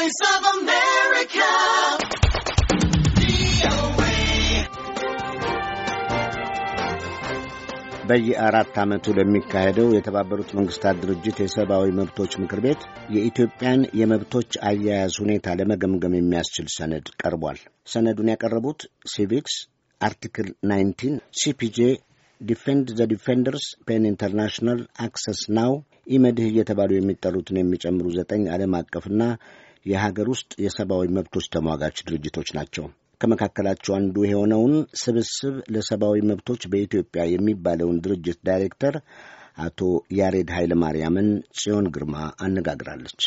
Voice of America. በየአራት ዓመቱ ለሚካሄደው የተባበሩት መንግስታት ድርጅት የሰብአዊ መብቶች ምክር ቤት የኢትዮጵያን የመብቶች አያያዝ ሁኔታ ለመገምገም የሚያስችል ሰነድ ቀርቧል። ሰነዱን ያቀረቡት ሲቪክስ፣ አርቲክል 19፣ ሲፒጄ ዲፌንድ ዘ ዲፌንደርስ ፔን ኢንተርናሽናል፣ አክሰስ ናው፣ ኢመድህ እየተባሉ የሚጠሩትን የሚጨምሩ ዘጠኝ ዓለም አቀፍና የሀገር ውስጥ የሰብአዊ መብቶች ተሟጋች ድርጅቶች ናቸው። ከመካከላቸው አንዱ የሆነውን ስብስብ ለሰብአዊ መብቶች በኢትዮጵያ የሚባለውን ድርጅት ዳይሬክተር አቶ ያሬድ ማርያምን ጽዮን ግርማ አነጋግራለች።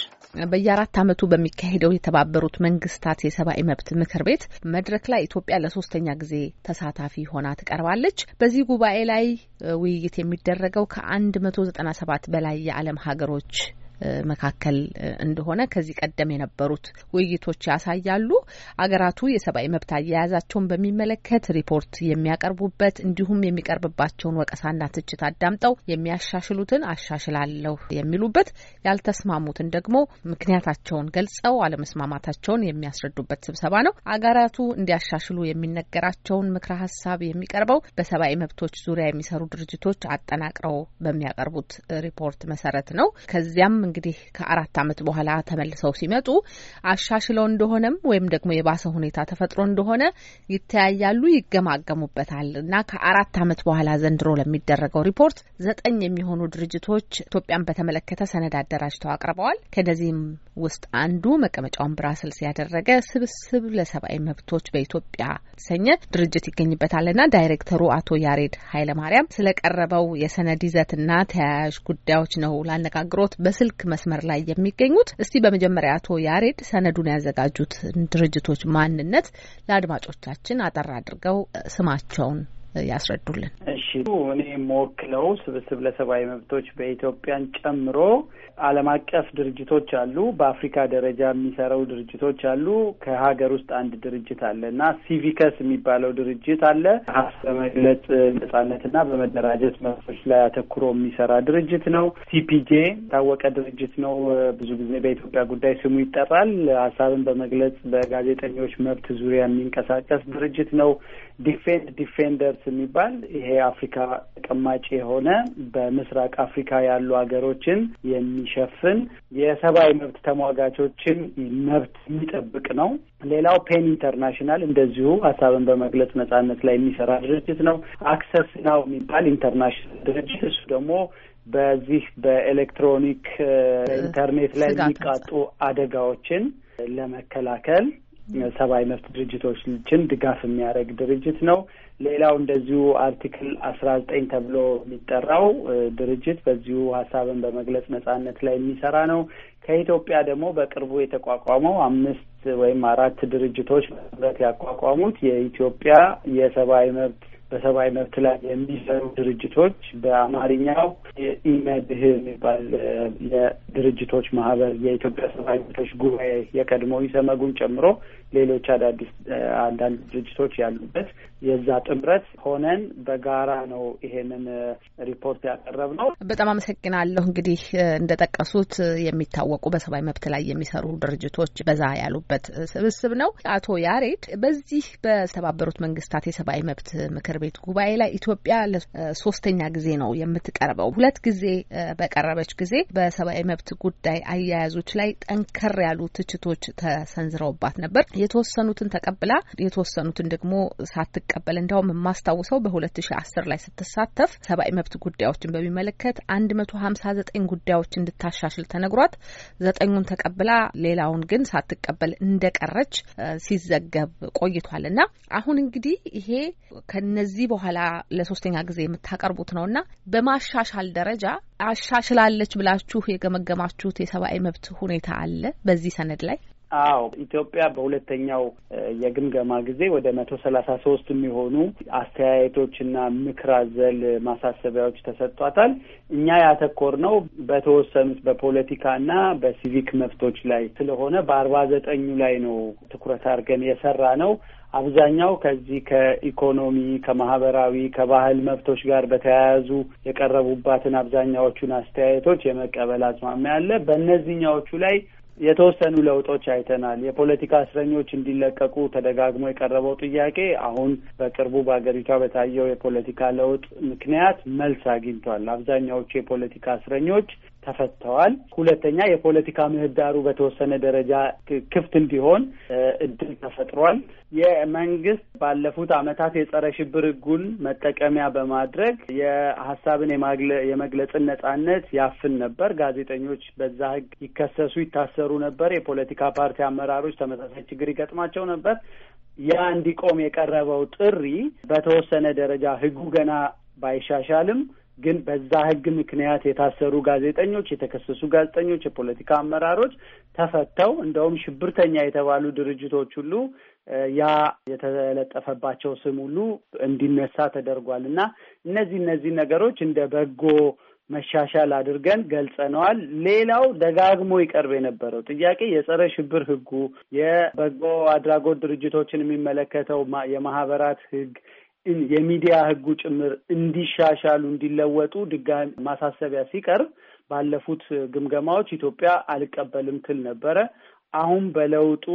በየአራት ዓመቱ በሚካሄደው የተባበሩት መንግስታት የሰብአዊ መብት ምክር ቤት መድረክ ላይ ኢትዮጵያ ለሶስተኛ ጊዜ ተሳታፊ ሆና ትቀርባለች። በዚህ ጉባኤ ላይ ውይይት የሚደረገው ከአንድ መቶ ዘጠና ሰባት በላይ የዓለም ሀገሮች መካከል እንደሆነ ከዚህ ቀደም የነበሩት ውይይቶች ያሳያሉ። አገራቱ የሰብአዊ መብት አያያዛቸውን በሚመለከት ሪፖርት የሚያቀርቡበት እንዲሁም የሚቀርብባቸውን ወቀሳና ትችት አዳምጠው የሚያሻሽሉትን አሻሽላለሁ የሚሉበት፣ ያልተስማሙትን ደግሞ ምክንያታቸውን ገልጸው አለመስማማታቸውን የሚያስረዱበት ስብሰባ ነው። አገራቱ እንዲያሻሽሉ የሚነገራቸውን ምክረ ሀሳብ የሚቀርበው በሰብአዊ መብቶች ዙሪያ የሚሰሩ ድርጅቶች አጠናቅረው በሚያቀርቡት ሪፖርት መሰረት ነው። ከዚያም እንግዲህ ከአራት ዓመት በኋላ ተመልሰው ሲመጡ አሻሽለው እንደሆነም ወይም ደግሞ የባሰ ሁኔታ ተፈጥሮ እንደሆነ ይተያያሉ፣ ይገማገሙበታል እና ከአራት ዓመት በኋላ ዘንድሮ ለሚደረገው ሪፖርት ዘጠኝ የሚሆኑ ድርጅቶች ኢትዮጵያን በተመለከተ ሰነድ አደራጅተው አቅርበዋል። ከነዚህም ውስጥ አንዱ መቀመጫውን ብራስልስ ያደረገ ስብስብ ለሰብአዊ መብቶች በኢትዮጵያ የተሰኘ ድርጅት ይገኝበታልና ዳይሬክተሩ አቶ ያሬድ ኃይለማርያም ስለቀረበው የሰነድ ይዘትና ተያያዥ ጉዳዮች ነው ላነጋግሮት በስልክ በስልክ መስመር ላይ የሚገኙት። እስቲ በመጀመሪያ አቶ ያሬድ ሰነዱን ያዘጋጁት ድርጅቶች ማንነት ለአድማጮቻችን አጠር አድርገው ስማቸውን ያስረዱልን። ሲሉ እኔ የምወክለው ስብስብ ለሰብአዊ መብቶች በኢትዮጵያን ጨምሮ ዓለም አቀፍ ድርጅቶች አሉ። በአፍሪካ ደረጃ የሚሰራው ድርጅቶች አሉ። ከሀገር ውስጥ አንድ ድርጅት አለ እና ሲቪከስ የሚባለው ድርጅት አለ። ሀሳብ በመግለጽ ነጻነትና በመደራጀት መብቶች ላይ አተኩሮ የሚሰራ ድርጅት ነው። ሲፒጄ የታወቀ ድርጅት ነው። ብዙ ጊዜ በኢትዮጵያ ጉዳይ ስሙ ይጠራል። ሀሳብን በመግለጽ በጋዜጠኞች መብት ዙሪያ የሚንቀሳቀስ ድርጅት ነው። ዲፌንድ ዲፌንደርስ የሚባል ይሄ አፍ አፍሪካ ተቀማጭ የሆነ በምስራቅ አፍሪካ ያሉ ሀገሮችን የሚሸፍን የሰብአዊ መብት ተሟጋቾችን መብት የሚጠብቅ ነው። ሌላው ፔን ኢንተርናሽናል እንደዚሁ ሀሳብን በመግለጽ ነጻነት ላይ የሚሰራ ድርጅት ነው። አክሰስ ናው የሚባል ኢንተርናሽናል ድርጅት እሱ ደግሞ በዚህ በኤሌክትሮኒክ ኢንተርኔት ላይ የሚቃጡ አደጋዎችን ለመከላከል ሰብአዊ መብት ድርጅቶችን ድጋፍ የሚያደርግ ድርጅት ነው። ሌላው እንደዚሁ አርቲክል አስራ ዘጠኝ ተብሎ የሚጠራው ድርጅት በዚሁ ሀሳብን በመግለጽ ነጻነት ላይ የሚሰራ ነው። ከኢትዮጵያ ደግሞ በቅርቡ የተቋቋመው አምስት ወይም አራት ድርጅቶች ህብረት ያቋቋሙት የኢትዮጵያ የሰብአዊ መብት በሰብአዊ መብት ላይ የሚሰሩ ድርጅቶች በአማርኛው የኢመድህ የሚባል የድርጅቶች ማህበር የኢትዮጵያ ሰብአዊ መብቶች ጉባኤ የቀድሞ ኢሰመጉን ጨምሮ ሌሎች አዳዲስ አንዳንድ ድርጅቶች ያሉበት የዛ ጥምረት ሆነን በጋራ ነው ይሄንን ሪፖርት ያቀረብ ነው። በጣም አመሰግናለሁ። እንግዲህ እንደጠቀሱት የሚታወቁ በሰብአዊ መብት ላይ የሚሰሩ ድርጅቶች በዛ ያሉበት ስብስብ ነው። አቶ ያሬድ በዚህ በተባበሩት መንግስታት የሰብአዊ መብት ምክር ቤት ጉባኤ ላይ ኢትዮጵያ ለሶስተኛ ጊዜ ነው የምትቀርበው። ሁለት ጊዜ በቀረበች ጊዜ በሰብአዊ መብት ጉዳይ አያያዞች ላይ ጠንከር ያሉ ትችቶች ተሰንዝረውባት ነበር። የተወሰኑትን ተቀብላ የተወሰኑትን ደግሞ ሳትቀበል እንዲያውም የማስታውሰው በ2010 ላይ ስትሳተፍ ሰብአዊ መብት ጉዳዮችን በሚመለከት 159 ጉዳዮች እንድታሻሽል ተነግሯት ዘጠኙን ተቀብላ ሌላውን ግን ሳትቀበል እንደቀረች ሲዘገብ ቆይቷል እና አሁን እንግዲህ ይሄ ከነ ከዚህ በኋላ ለሶስተኛ ጊዜ የምታቀርቡት ነው እና በማሻሻል ደረጃ አሻሽላለች ብላችሁ የገመገማችሁት የሰብአዊ መብት ሁኔታ አለ በዚህ ሰነድ ላይ? አዎ ኢትዮጵያ በሁለተኛው የግምገማ ጊዜ ወደ መቶ ሰላሳ ሶስት የሚሆኑ አስተያየቶችና ምክር አዘል ማሳሰቢያዎች ተሰጥቷታል። እኛ ያተኮር ነው በተወሰኑት በፖለቲካና በሲቪክ መብቶች ላይ ስለሆነ በአርባ ዘጠኙ ላይ ነው ትኩረት አድርገን የሰራ ነው። አብዛኛው ከዚህ ከኢኮኖሚ ከማህበራዊ ከባህል መብቶች ጋር በተያያዙ የቀረቡባትን አብዛኛዎቹን አስተያየቶች የመቀበል አዝማሚያ አለ። በእነዚህኛዎቹ ላይ የተወሰኑ ለውጦች አይተናል። የፖለቲካ እስረኞች እንዲለቀቁ ተደጋግሞ የቀረበው ጥያቄ አሁን በቅርቡ በሀገሪቷ በታየው የፖለቲካ ለውጥ ምክንያት መልስ አግኝቷል። አብዛኛዎቹ የፖለቲካ እስረኞች ተፈተዋል። ሁለተኛ የፖለቲካ ምህዳሩ በተወሰነ ደረጃ ክፍት እንዲሆን እድል ተፈጥሯል። የመንግስት ባለፉት አመታት የጸረ ሽብር ህጉን መጠቀሚያ በማድረግ የሀሳብን የመግለጽን ነጻነት ያፍን ነበር። ጋዜጠኞች በዛ ህግ ይከሰሱ፣ ይታሰሩ ነበር። የፖለቲካ ፓርቲ አመራሮች ተመሳሳይ ችግር ይገጥማቸው ነበር። ያ እንዲቆም የቀረበው ጥሪ በተወሰነ ደረጃ ህጉ ገና ባይሻሻልም ግን በዛ ህግ ምክንያት የታሰሩ ጋዜጠኞች፣ የተከሰሱ ጋዜጠኞች፣ የፖለቲካ አመራሮች ተፈተው እንደውም ሽብርተኛ የተባሉ ድርጅቶች ሁሉ ያ የተለጠፈባቸው ስም ሁሉ እንዲነሳ ተደርጓል እና እነዚህ እነዚህ ነገሮች እንደ በጎ መሻሻል አድርገን ገልጸነዋል። ሌላው ደጋግሞ ይቀርብ የነበረው ጥያቄ የጸረ ሽብር ህጉ፣ የበጎ አድራጎት ድርጅቶችን የሚመለከተው የማህበራት ህግ የሚዲያ ህጉ ጭምር እንዲሻሻሉ እንዲለወጡ ድጋሚ ማሳሰቢያ ሲቀርብ ባለፉት ግምገማዎች ኢትዮጵያ አልቀበልም ትል ነበረ። አሁን በለውጡ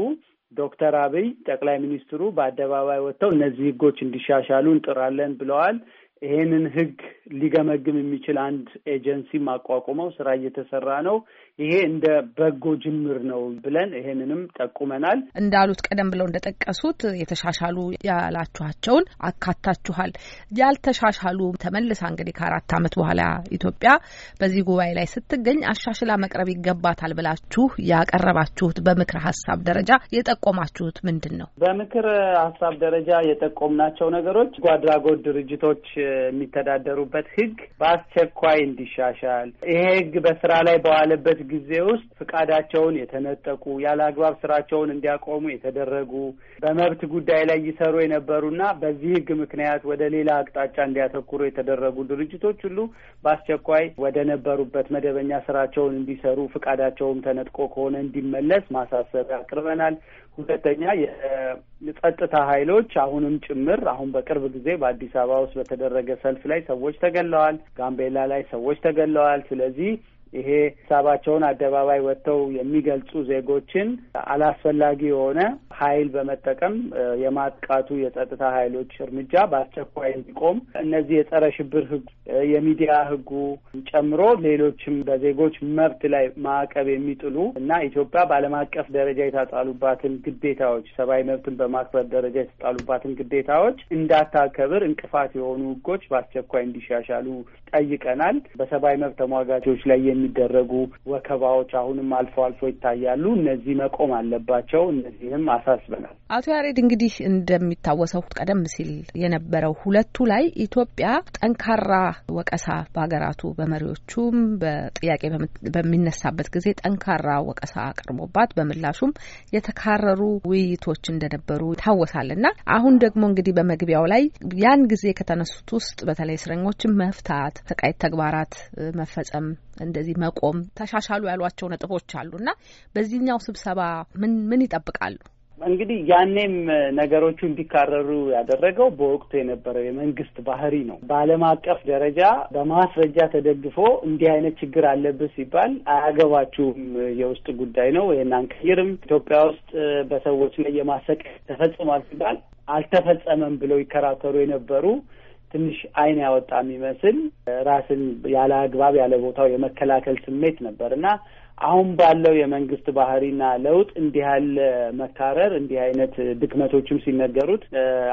ዶክተር አብይ ጠቅላይ ሚኒስትሩ በአደባባይ ወጥተው እነዚህ ህጎች እንዲሻሻሉ እንጥራለን ብለዋል። ይሄንን ህግ ሊገመግም የሚችል አንድ ኤጀንሲ ማቋቁመው ስራ እየተሰራ ነው። ይሄ እንደ በጎ ጅምር ነው ብለን ይሄንንም ጠቁመናል። እንዳሉት ቀደም ብለው እንደጠቀሱት የተሻሻሉ ያላችኋቸውን አካታችኋል። ያልተሻሻሉ ተመልሳ እንግዲህ ከአራት ዓመት በኋላ ኢትዮጵያ በዚህ ጉባኤ ላይ ስትገኝ አሻሽላ መቅረብ ይገባታል ብላችሁ ያቀረባችሁት በምክረ ሀሳብ ደረጃ የጠቆማችሁት ምንድን ነው? በምክር ሀሳብ ደረጃ የጠቆምናቸው ነገሮች በጎ አድራጎት ድርጅቶች የሚተዳደሩበት ሕግ በአስቸኳይ እንዲሻሻል ይሄ ሕግ በስራ ላይ በዋለበት ጊዜ ውስጥ ፍቃዳቸውን የተነጠቁ ያለ አግባብ ስራቸውን እንዲያቆሙ የተደረጉ በመብት ጉዳይ ላይ ይሰሩ የነበሩና በዚህ ህግ ምክንያት ወደ ሌላ አቅጣጫ እንዲያተኩሩ የተደረጉ ድርጅቶች ሁሉ በአስቸኳይ ወደ ነበሩበት መደበኛ ስራቸውን እንዲሰሩ ፍቃዳቸውም ተነጥቆ ከሆነ እንዲመለስ ማሳሰቢያ አቅርበናል። ሁለተኛ የጸጥታ ኃይሎች አሁንም ጭምር አሁን በቅርብ ጊዜ በአዲስ አበባ ውስጥ በተደረገ ሰልፍ ላይ ሰዎች ተገለዋል። ጋምቤላ ላይ ሰዎች ተገለዋል። ስለዚህ ይሄ ሀሳባቸውን አደባባይ ወጥተው የሚገልጹ ዜጎችን አላስፈላጊ የሆነ ኃይል በመጠቀም የማጥቃቱ የጸጥታ ኃይሎች እርምጃ በአስቸኳይ እንዲቆም እነዚህ የጸረ ሽብር ህጉ የሚዲያ ህጉ ጨምሮ ሌሎችም በዜጎች መብት ላይ ማዕቀብ የሚጥሉ እና ኢትዮጵያ በዓለም አቀፍ ደረጃ የታጣሉባትን ግዴታዎች ሰብአዊ መብትን በማክበር ደረጃ የተጣሉባትን ግዴታዎች እንዳታከብር እንቅፋት የሆኑ ህጎች በአስቸኳይ እንዲሻሻሉ ጠይቀናል። በሰብአዊ መብት ተሟጋቾች ላይ የሚደረጉ ወከባዎች አሁንም አልፎ አልፎ ይታያሉ። እነዚህ መቆም አለባቸው። እነዚህም አሳ ያሳስበናል። አቶ ያሬድ እንግዲህ እንደሚታወሰው ቀደም ሲል የነበረው ሁለቱ ላይ ኢትዮጵያ ጠንካራ ወቀሳ በሀገራቱ በመሪዎቹም በጥያቄ በሚነሳበት ጊዜ ጠንካራ ወቀሳ አቅርቦባት በምላሹም የተካረሩ ውይይቶች እንደነበሩ ይታወሳል እና አሁን ደግሞ እንግዲህ በመግቢያው ላይ ያን ጊዜ ከተነሱት ውስጥ በተለይ እስረኞችን መፍታት፣ ሰቃይ ተግባራት መፈጸም እንደዚህ መቆም ተሻሻሉ ያሏቸው ነጥቦች እና በዚህኛው ስብሰባ ምን ምን ይጠብቃሉ? እንግዲህ ያኔም ነገሮቹ እንዲካረሩ ያደረገው በወቅቱ የነበረው የመንግስት ባህሪ ነው። በዓለም አቀፍ ደረጃ በማስረጃ ተደግፎ እንዲህ አይነት ችግር አለብህ ሲባል አያገባችሁም፣ የውስጥ ጉዳይ ነው፣ ይህን አንቀይርም፣ ኢትዮጵያ ውስጥ በሰዎች ላይ የማሰቃየት ተፈጽሟል ሲባል አልተፈጸመም ብለው ይከራከሩ የነበሩ ትንሽ አይን ያወጣ የሚመስል ራስን ያለ አግባብ ያለ ቦታው የመከላከል ስሜት ነበር እና አሁን ባለው የመንግስት ባህሪና ለውጥ እንዲህ ያለ መካረር እንዲህ አይነት ድክመቶችም ሲነገሩት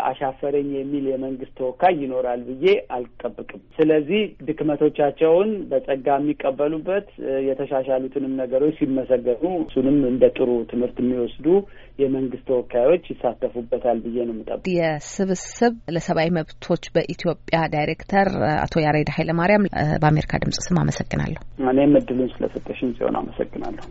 አሻፈረኝ የሚል የመንግስት ተወካይ ይኖራል ብዬ አልጠብቅም። ስለዚህ ድክመቶቻቸውን በጸጋ የሚቀበሉበት የተሻሻሉትንም ነገሮች ሲመሰገኑ እሱንም እንደ ጥሩ ትምህርት የሚወስዱ የመንግስት ተወካዮች ይሳተፉበታል ብዬ ነው የምጠብቀው። የስብስብ ለሰብአዊ መብቶች በኢትዮጵያ ዳይሬክተር አቶ ያሬድ ኃይለማርያም በአሜሪካ ድምጽ ስም አመሰግናለሁ። እኔም እድሉን ስለሰጠሽኝ ሲሆን አመሰግናለሁ።